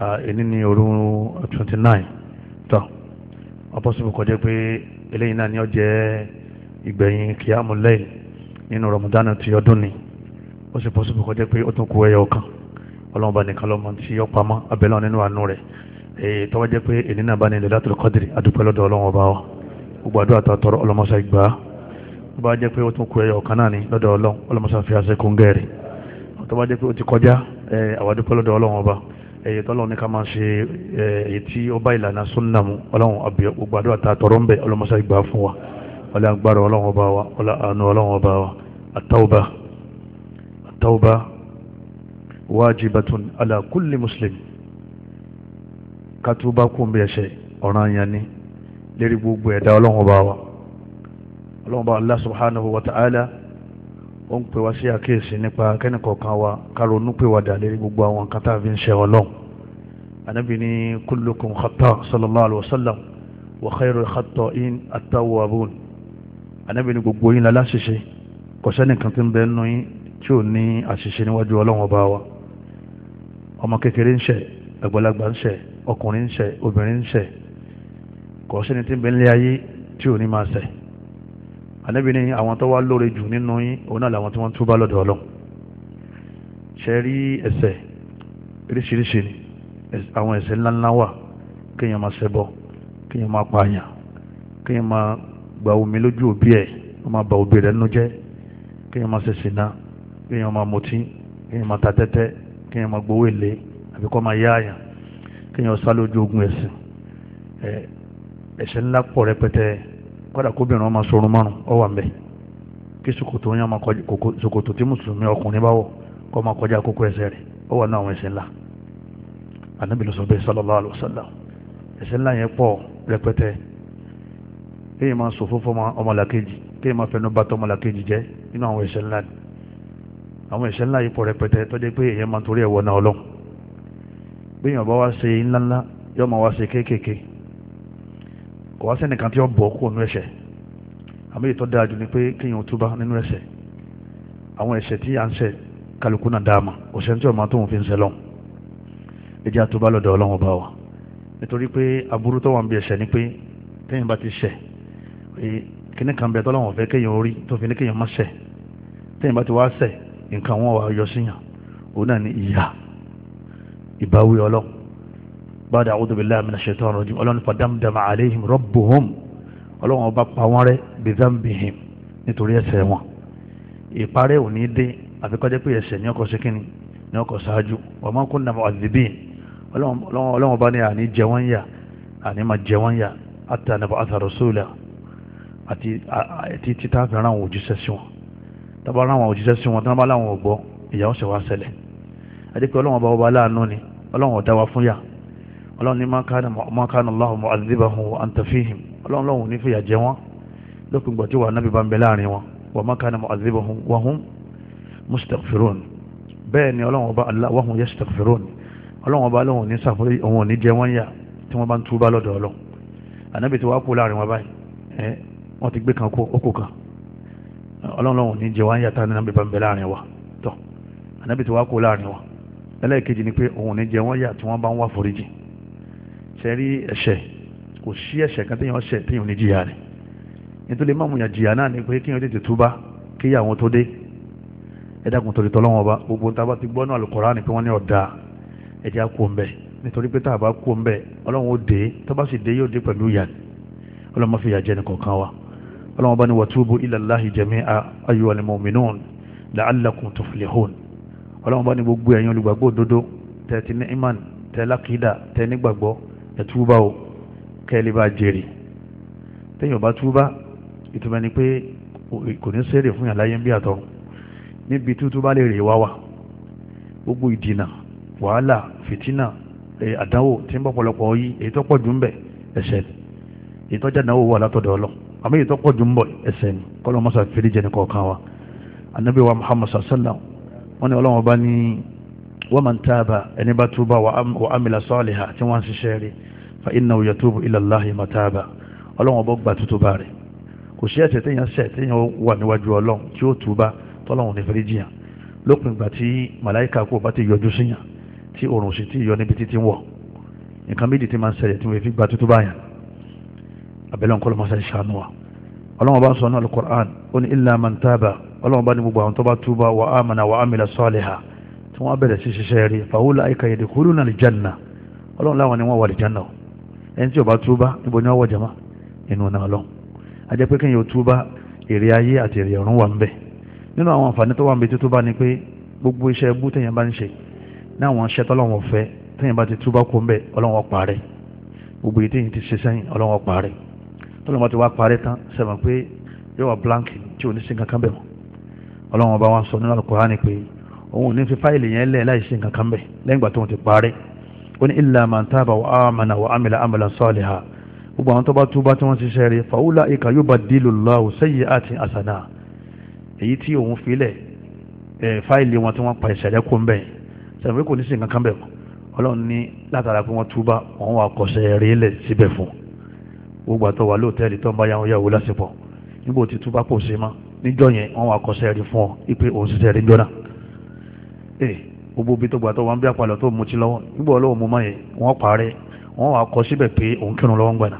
èyí ní òru twenty nine tán ọpọ́sibú kọjá pé eléyìí náà ni ó jẹ́ ìgbẹ̀yìn kíámù lẹ́yìn nínú rọmọdánù ti ọdún ni ó sì pọ́sibú kọjá pé ó tún kú ẹyọ kan ọlọ́run bá nìkan lọ́mọ tí ó pamọ́ abẹ́lẹ́ nínú àánú rẹ̀ èyí tọ́wọ́ jẹ́ pé èyí náà bá ní ilẹ̀ látòlù kọ́dìrì àdúpẹ́ lọ́dọ̀ ọlọ́run ọba wa gbogbo àdúrà tó àtọrọ ọlọ́mọṣà ìgbà tó bá jẹ́ pé ó tún kú ẹyọ kan náà ni lọ́dọ̀ ọlọ́run ọlọ́mọṣà fi àṣẹ kún gẹ̀ẹ́rì tó bá jẹ́ pé ó ti kọjá àwàdúpẹ́ lọ́dọ̀ ọlọ́run ọba ẹ̀yẹ tọ́lọ́ ní ká máa ṣe ẹ̀yẹ tí ó bá ìlànà sunna mu ọlọ́run àbíọ́ gbogbo àdúrà ta tọrọ ń bẹ ọlọ́mọṣá ìgbà fún wa ọlọ́run agbára ọlọ́run ọba wa ọlọ́run àánú ọlọ́run ọba wa àtàwùbá àtàwùbá wájibatun ala kulli muslim katuba kún bí ẹ̀ṣẹ̀ ọ̀ràn yẹn ni lérí gbogbo ẹ̀dá ọlọ́run ọba wa ọlọ́run ọba Allah subhanahu wa ta'ala ó ń pè wá sí àkíyèsí nípa kẹ́nìkọ̀ọ̀kan wa káronú pè wá dàlẹ́ gbogbo àwọn nǹkan tá a fi ń ṣe ọlọ́run anabi ni kullukum khata sallallahu alayhi wa sallam wa khairu in at-tawwabun anabi ni gbogbo yín lálá ṣiṣe kò sẹ́nìkan tí ń bẹ nínú yín tí ò ní àṣìṣe níwájú ọlọ́run ọba wa ọmọ kékeré ń ṣe àgbàlagbà ń ṣe ọkùnrin ń ṣe obìnrin ń ṣe kò sẹ́ni ń bẹ nílé ayé tí ò ní máa ṣe ànábì ní àwọn tó wá lóore jù nínú yín òun náà làwọn tí wọ́n túbá lọ́dọ̀ ọlọ́run ṣe rí ẹ̀ṣẹ̀ oríṣiríṣi ni àwọn ẹ̀ṣẹ̀ ńláńlá wà kéèyàn máa ṣẹbọ kéèyàn máa pààyàn kéèyàn máa gba omi lójú òbí ẹ̀ wọ́n máa ba òbí rẹ̀ nínú jẹ́ kéèyàn máa ṣẹ̀ṣẹ̀ náà kéèyàn máa mutí kéèyàn máa ta tẹ́tẹ́ kéèyàn máa gbowó èlé àbí kó máa yá àyàn kéèyàn sá lójú ogun ẹ̀sìn ẹ̀ṣẹ̀ ńlá pọ̀ rẹpẹtẹ kódà kóbìnrin ọmọ sorun márùn ọ wà mbẹ kí ṣòkòtò yẹn máa kọjá ṣòkòtò tí mùsùlùmí ọkùnrin bá wọ kó máa kọjá kókó ẹsẹ̀ rẹ̀ ọ wà náà àwọn ẹsẹ̀ ńlá anabi lọ sọ bẹ́ẹ̀ sallallahu alaihi wasallam ẹsẹ̀ ńlá yẹn pọ̀ rẹpẹtẹ kéèyàn máa sọ fún fọmọ ọmọlàkejì kéèyàn máa fẹnu bàtọ ọmọlàkejì jẹ nínú àwọn ẹsẹ̀ ńlá ni àwọn ẹsẹ̀ ńlá yìí pọ̀ rẹpẹtẹ tọjá pé èèyàn máa torí ẹwọ náà Ọlọ́run gbẹ̀yìn ọba wa ṣe ńláńlá yọọ máa wa ṣe kéékèèké kò wá sẹ́nìkan tí ó bọ̀ kó nínú ẹ̀ṣẹ̀ àmì ìtọ́ dáa jù ni pé kéèyàn túbá nínú ẹ̀ṣẹ̀ àwọn ẹ̀ṣẹ̀ tí à ń ṣẹ̀ kálukú náà dáa mà òṣè tí ọmọ tóun fi ń sẹlọ̀ ẹ jẹ́ àtúbá lọ́dọ̀ ọlọ́run bá wa nítorí pé aburú tó wà ń bí ẹ̀ṣẹ̀ ni pé téèyàn bá ti ṣẹ̀ kíní kan bẹ tọ́lọ́wọ̀n fẹ́ kéèyàn orí tó fi ní kéèyàn má ṣẹ̀ téèyàn bá ti wá ṣẹ̀ nǹkan wọn wà yọ síyàn òun náà ni ìyà ìbáwí ọlọ́run bàdà a'udhu billahi minash shaitanir rajim ọlọ́run fadamdama alayhim rabbuhum ọlọ́run ọba pa wọ́n rẹ́ bizambihim nítorí ẹ̀ṣẹ̀ wọn ìparẹ́ òní dé àfikọ́jẹ́ pé ẹ̀ṣẹ̀ ní ọkọ̀ síkínni ní ọkọ̀ ṣáájú wa ma kunna mu'adhdhibin ọlọ́run ọba ní àní jẹ wọ́n yà àní máa jẹ wọ́n yà hatta nab'atha rasula àti títà fẹ́ràn àwọn òjíṣẹ́ sí wọn tábà ràn àwọn òjíṣẹ́ sí wọn tábà láwọn ò gbọ́ ìyàwó ṣe wá ṣẹlẹ̀ àdékò ọlọ́run ọba ọba aláàánú ni ọlọ́run ọ̀dá wa fún yà ọlọ́run ní mọ́kànnà lọ́hùn mu'adhibahum wa anta fihim ọlọ́run lọ́hùn ní fìyà jẹ wọn lópin gbọ̀tí wà nábì bá ń bẹ láàrin wọn wa mọ́kànnà mu'adhibahum wa hum mustaghfirun bẹ́ẹ̀ ni ọlọ́run ọba Allah wa hum yastaghfirun ọlọ́run ọba lọ́hùn ní sàfúrí òun ò ní jẹ wọ́n yà tí wọ́n bá ń túbá lọ́dọ̀ ọlọ́run ànábì tí wàá kú láàrin wọn báyìí ẹ ẹlẹ́ẹ̀kejì ni pé òun ò ní jẹ wọ́n yà tí wọ́n bá ń wá foríjì sẹ́rí ẹ̀ṣẹ̀ kò sí ẹ̀ṣẹ̀ kan téèyàn ṣẹ̀ téèyàn ní jìyà rẹ̀ nítorí má mùyàn jìyà náà ni pé kéèyàn tètè túbá kéyàwó tó dé ẹ̀dàkùn torí tọ́lọ́wọ́n ọba gbogbo tá a bá ti gbọ́ náà Al-Kùránì pé wọ́n ní ọ̀dà ẹ̀jẹ̀ á ń bẹ̀ nítorí pé tá a ń bẹ̀ ọlọ́run ó dé tó sì dé yóò dé pẹ̀lú ìyà ọlọ́run má ní watubu ila Allahi jami'a ayyuhal ẹ túbá o kẹ́lẹ́ bá jèrè téèyàn bá túbá ìtumọ̀ ni pé kò ní sẹ́rẹ̀ fún yàrá yẹn bí àtọ̀ níbi tútúbá lè rè wá wa gbogbo ìdìnà wàhálà fìtínà àdánwò tí ń bọ́ pọ̀lọpọ̀ yí èyí tó pọ̀ jù ń bẹ̀ ẹ̀ṣẹ̀ ni èyí tó jáde náà wà látọ̀dọ̀ ọlọ́ àmọ́ èyí tó pọ̀ jù ń bọ̀ ẹ̀ṣẹ̀ ni kọ́lọ́ mọ́sá fèrè kọ̀ọ̀kan wa anabi wa sallam wọ́n ní ọlọ́wọ́n bá ní wa man taaba ẹni bá túbà wa amila saliha tí wọ́n ń ṣiṣẹ́ rí fa innahu yatubu ila Allahi mataba ọlọ́run ọba gba tútúbà rẹ̀ kò sí ẹ̀ṣẹ̀ téèyàn ṣẹ̀ téèyàn wà níwájú ọlọ́run tí ó túbà tọ́lọ́run ní fẹ́rẹ́ lópin ìgbà tí màláìka kò bá ti yọjú síyàn tí oòrùn sì ti yọ níbi títí wọ̀ nǹkan méjì tí máa ń ṣẹlẹ̀ tí wọ́n fi gba tútúbà yàn abẹ́lẹ́ ń kọ́ lọ́mọ sẹ́yìn ṣàánú wa ọlọ́run ọba ń sọ ní alukur'an ó ní illa man ọlọ́run ọba ní gbogbo àwọn tó bá túbà wa amana wa amila saliha tí wọ́n bẹ̀rẹ̀ sí ṣiṣẹ́ rí fàwọ́lá àyíká yẹ̀dẹ̀ kúrú náà lìjánà ọlọ́run láwọn ni wọ́n wà lìjánà o ẹni tí ó bá túbá níbo ni wọ́n wọ̀ jama inú náà lọ ajẹ́ pé kéèyàn túbá èrè ayé àti èrè ọ̀run wà ń bẹ̀ nínú àwọn àǹfààní tó wà ń bẹ túbá ni pé gbogbo iṣẹ́ ẹbú téèyàn bá ń ṣe ní àwọn iṣẹ́ tọ́lọ́wọ́n fẹ́ téèyàn bá ti túbá kó ń òun ò ní fi fáìlì yẹn lẹ̀ láì ṣe nǹkan kan bẹ̀ lẹ́yìn ìgbà tó ti parí ó ní illa man taba wa amana wa amila amalan saliha gbogbo àwọn tó bá túbá tí wọ́n ti ṣe rí faulaika yubaddilu Allahu sayyi'ati hasana èyí tí òun filẹ̀ fáìlì wọn tí wọ́n pa ìṣẹ̀lẹ̀ kó ń bẹ̀ sẹ̀fẹ̀ kò ní sí nǹkan kan bẹ̀ ọlọ́run ní látara pé wọ́n túbá wọ́n wà kọ̀ṣẹ́ rí lẹ̀ síbẹ̀ fún gbogbo àtọ́ wà lóòtẹ́ẹ̀lì ee eh, gbogbo bí tó gbà tó wọn bí apalọ tó mutí lọ́wọ́ nígbà olówó mo máa yẹ wọn parẹ́ wọn wà kọ síbẹ̀ pé òun kírun lọ́wọ́ ń gbàdà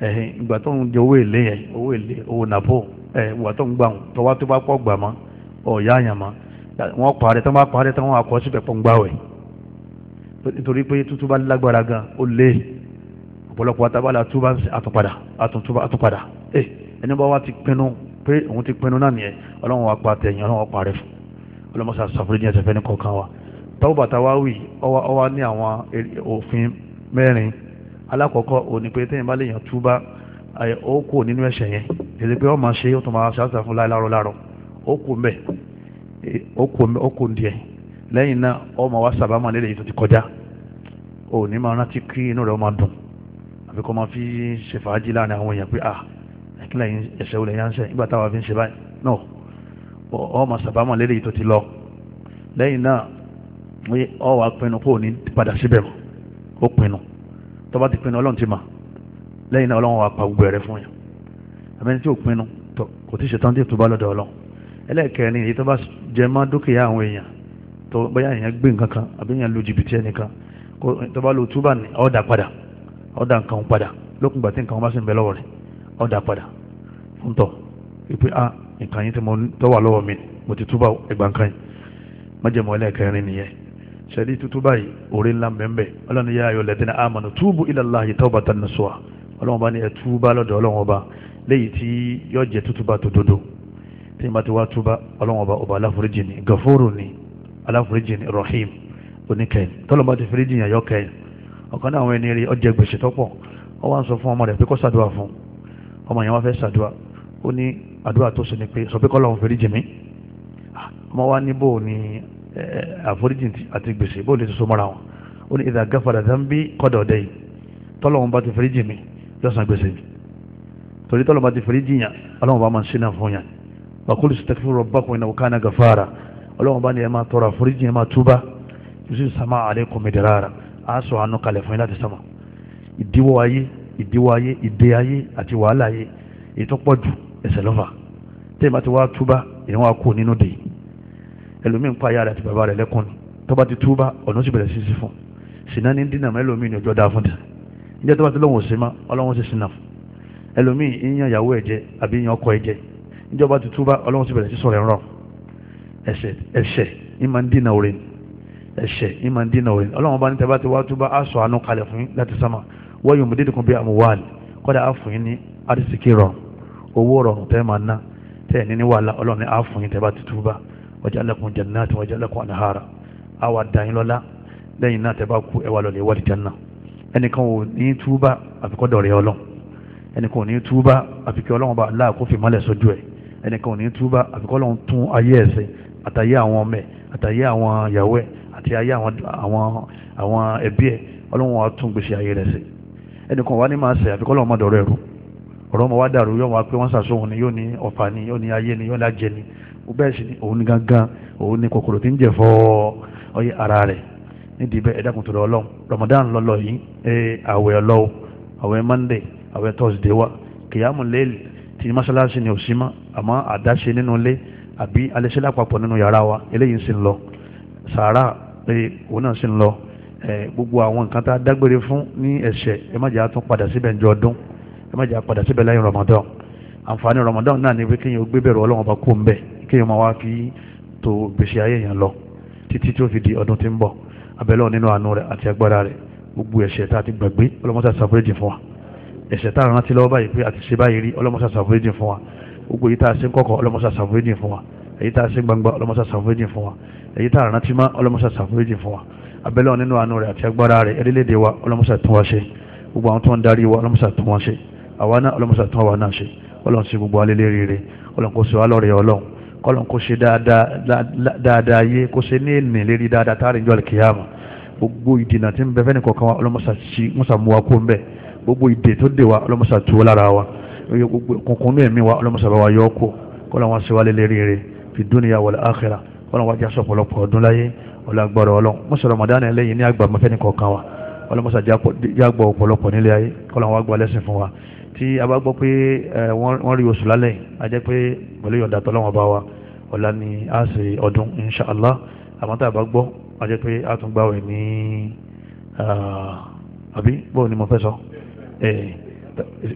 ẹhìn eh, ìgbà tó ń jẹ owó èlé yẹn owó èlé owó nàpó ẹ eh, ìgbà tó ń gbà wọn tọwọ́ tó bá pọ̀ gbà mọ́ ọ̀yá àyàn mọ́ wọn parẹ́ tó bá parẹ́ tó wọn wà kọ síbẹ̀ pọ̀ ń gbà wẹ̀ nítorí pé tútú bá lágbára gan ó lé ọ̀pọ̀lọpọ̀ atábàlà túbà àtúnpadà àtúnpadà ẹ ẹni bá wa ti pinnu pé òun ti pinnu náà nìyẹn ọlọ́run wa pa tẹ̀yìn ọlọ́run wa parẹ́ fún un ọlọ́mọṣà sàfúrẹ́jì ẹsẹ̀ fẹ́ ní kọ̀ọ̀kan wa tọ́wọ́ bàtà wá wì ọwá ní àwọn òfin mẹ́rin alákọ̀ọ́kọ́ òní pé téèyàn bá lè yàn túbá ó kù nínú ẹ̀ṣẹ̀ yẹn èdè pé ọmọ ṣe ó tún máa ṣàṣà fún láìláàrọ̀ láàrọ̀ ó kù mbẹ̀ ó kù díẹ̀ lẹ́yìn náà ọmọ wa sábàámà lélẹ̀ yìí tó ti kọjá òní máa rántí kí inú rẹ̀ ó máa dùn àbí kó máa fi ṣèfàájì láàrin àwọn èèyàn pé à ẹ̀kílẹ̀ yìí ẹ̀ṣẹ̀ wọlé yẹn ń ṣe ìgbà táwa fi ń ṣe báyìí náà ọmọ oh, sàbámọ̀ lélẹ̀ yìí tó ti lọ lẹ́yìn náà ọ wà pinnu kó o ní padà síbẹ̀ mọ́ ó pinnu tó bá ti pinnu ọlọ́run ti mà lẹ́yìn náà ọlọ́run wà pa gbogbo ẹ̀rẹ́ fún yàn abẹ́ni tí ò pinnu kò ti ṣetán tí ì túbọ̀ lọ́dọ̀ ọlọ́run èyí tó bá jẹ mọ́ dúkìá àwọn èèyàn tó bóyá èèyàn gbé nǹkan kan àbí èèyàn lu jìbìtì ẹnìkan tó bá lo túbà ọ̀dà padà ọ̀dà nǹkan padà lókùngbà tí nǹkan bá sì ń pé a ah, nǹkan yín tí mo tọ́wà lọ́wọ́ mi mo ti túbà ẹgbà nǹkan yín májèmọ́ ẹlẹ́ẹ̀kẹrin nìyẹn ṣẹlí tútúbà yìí òre ńlá mbẹ́mbẹ́ ọlọ́run yá ayọ̀ lẹ́tẹ̀ẹ́ amanu túbù ilallahi tawbatan nasuha ọlọ́run bá ní ẹ túbà lọ́dọ̀ ọlọ́run ọba léyìí tí yọ jẹ tútúbà tó dodo tí n bá ti wá túbà ọlọ́run ọba ọba aláforíjì ni gafóró ni aláforíjì ni rahim oníkẹyìn tọ́lọ́ bá ti foríjì yàn yọ kẹyìn ọ̀kan náà àwọn ẹni rí ọjẹ́ gbèsè tọ́pọ̀ ọ wá ń sọ fún ọmọ rẹ̀ pé kó ṣàdúrà fún ọmọ yẹn wá fẹ́ ṣàdúrà ó ní àdúrà tó ṣe ni pé sọ pé kọ́lọ́ òun fèrè jìmí ọmọ ah, wa ní bò ní àforíjì àti gbèsè bò lè soso mọ́ra wọn ó ní ìdá gáfàdà dánbí kọ́dọ̀ ọ̀dẹ́ yìí tọ́lọ̀ òun bá ti fèrè jìmí yọ̀sán gbèsè mi torí tọ́lọ̀ bá ti fèrè jìyàn ọlọ́run bá máa ń ṣe náà fún yàn wàkúlù sitakifu rọ̀bákùn iná òkàna gàfàrà ọlọ́run bá ní ẹ máa tọrọ àforíjì ẹ máa túbá yusuf sama aleikum idirara a sọ àánú kalẹ̀ fún yín láti sama ìdíwọ́ ayé ìdíwọ́ ayé ìdè ayé àti wàhálà ayé èyí pọ̀ jù Ese lọ́fà tẹ́yìn bá ti wá túbá ìyẹn wá nínú dè ẹlòmíín pa ayá àti bàbá ti túbá ọ̀nà sì bẹ̀rẹ̀ sí fún sinna ní dínà ẹlòmíín ọjọ́ dáa fún tẹ̀ ìjẹ́ ti lọ́wọ́ sí ma sì sinna ẹlòmíín ìyẹn ìyàwó ẹ̀jẹ̀ àbí ìyẹn ọkọ ẹ̀jẹ̀ ìjọba ti túbá ọlọ́wọ́ sì bẹ̀rẹ̀ sí sọ̀rọ̀ ìmọ̀ owó rọrùn tẹ́ máa ná tẹ́ ẹ̀ níní wàhálà ọlọ́run ní àfún yín tẹ́ bá ti túbà wàjà lẹ́kùn jannati wàjà lẹ́kùn anahara àwa dàyín lọ́lá lẹ́yìn náà tẹ́ bá kú ẹwà lọ́lẹ̀ wà lìjánná ẹnìkan ò ní túbà àfikọ́dọ̀ rẹ̀ ọlọ́run ẹnìkan ò ní túbà àfikọ́ ọlọ́run bá aláà kó fi mọ́lẹ̀ sójú ẹ̀ ẹnìkan ò ní túbà àfikọ́ ọlọ́run tún ayé ẹ̀ ọ̀rọ̀ ọmọ wa dàrú yọ̀ wá pé wọ́n sàṣọ̀hún ni yóò ní ọ̀fà ni yóò ní ayé ni yóò ní ajẹ́ ni ó bẹ́ẹ̀ sì ni òun ni gangan òun ni kòkòrò tí ń jẹ fọ́ ọyẹ ara rẹ̀ nídìí bẹ́ẹ̀ ẹ̀dá kùtùrọ̀ ọlọ́run Ramadan lọ́lọ́ yìí ee àwẹ̀ ọlọ́wọ́ àwẹ̀ Monday àwẹ̀ Thursday wa kìyàmù lẹ́ẹ̀lì tí mọ́ṣáláṣí ni ò sí mọ́ àmọ́ àdáṣe nínú ilé àbí alẹ́ṣẹ́ lápapọ̀ nínú yàrá wa eléyìí ń sì ń lọ sàárà ee òun náà sì ń lọ gbogbo àwọn ẹ má jẹ́ àpadà síbẹ̀ lẹ́yìn Ramadan àǹfààní Ramadan náà ni pé kéèyàn gbé bẹ̀rù Ọlọ́run bá kó ń bẹ̀ kéèyàn máa wá fi tó gbèsè ayé yẹn lọ títí tí ó fi di ọdún tí ń bọ̀ abẹ́lẹ́ nínú àánú rẹ̀ àti agbára rẹ̀ gbogbo ẹ̀ṣẹ̀ tá a ti gbàgbé ọlọ́mọṣà ṣàforíjì fún wa ẹ̀ṣẹ̀ tá a rántí lọ́wọ́ báyìí pé àti ṣe báyìí rí ọlọ́mọṣà ṣàforíjì fún wa gbogbo èyí tá a ṣe ń kọ̀kọ̀ ọlọ́mọṣà ṣàforíjì fún wa èyí tá a ṣe gbangba ọlọ́mọṣà ṣàforíjì fún wa èyí tá a rántí má ọlọ́mọṣà ṣàforíjì fún wa abẹ́lẹ́ nínú àánú rẹ̀ àti agbára rẹ̀ ẹ̀rílẹ̀dẹ̀ wa ọlọ́mọṣà tún wa ṣe gbogbo àwọn tó ń darí wa ọlọ́mọṣà tún wa ṣe àwa náà ọlọ́mọṣà tún àwa náà ṣe ọlọ́run ṣe gbogbo alẹ́ lérí rẹ ọlọ́run kò ṣe wá lọ́rẹ̀ẹ́ ọlọ́run kọ́lọ́n kò ṣe dáadáa yé kò ṣe ní ènìyàn lérí dáadáa táàrin jọ́ àlùkìyàmà gbogbo ìdènà tí ń bẹ fẹ́ni kọ̀ọ̀kan wa ọlọ́mọṣà ṣí mọ́ṣà mú wa kó ń bẹ gbogbo ìdè tó dè wa ọlọ́mọṣà tú ó lára wa gbogbo kùnkùn ní ẹ̀mí wa ọlọ́mọṣà bá wa yọ ọ́ kó kọ́lọ́n wa ṣe wá lé lérí fi tí a bá gbọ́ pé wọ́n rí oṣù lálẹ́ a jẹ́ pé pẹ̀lú ìyọ̀ǹda tọ́lọ́wọ́n bá wa ọ̀la ni a ṣe ọdún inṣàlá àmọ́ tá a bá gbọ́ a jẹ́ pé a tún gbàwẹ̀ ní àbí bóun ni mo fẹ́ sọ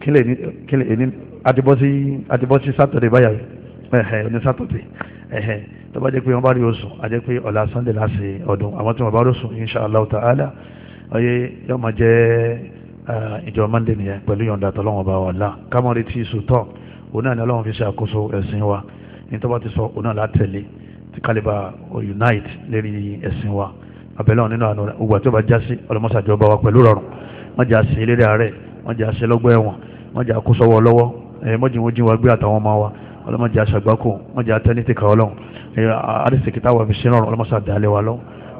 kílẹ̀ ní adibọ́sí sátọ̀dẹ̀ báyà ẹ̀hẹ̀ ní sátọ̀dẹ̀ ẹ̀hẹ̀ tó bá jẹ́ pé wọ́n bá rí oṣù a jẹ́ pé ọ̀la sunday láti ọdún àmọ́ tí wọ́n bá rí oṣù inṣàlá ta'ala ọyẹ yóò Eh, ìjọ mande nìyẹn pẹ̀lú yọ̀ǹda tọ́lọ́wọ́n bá wà lá kámọ́rí tí sùtọ́ òun náà ni ọlọ́run fi ṣe àkóso ẹ̀sìn wa ní tó ti sọ òun náà látẹ̀lé ti kálíbà unite lérí ẹ̀sìn wa abẹ́lẹ́ nínú àná ògbà tó bá já sí ọlọ́mọṣàjọ bá wa pẹ̀lú rọrùn wọ́n jà sí eléré ààrẹ wọ́n jà sí lọ́gbọ́ ẹ̀wọ̀n wọ́n jà kó sọ́wọ́ lọ́wọ́ mọ́jìnwó jí wa gbé àtàwọn ọmọ wa ọlọ́mọjà àṣàgbákò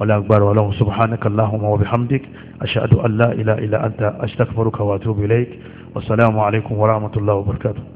ولا أكبر وله سبحانك اللهم وبحمدك أشهد أن لا إله إلا أنت أستغفرك وأتوب إليك والسلام عليكم ورحمة الله وبركاته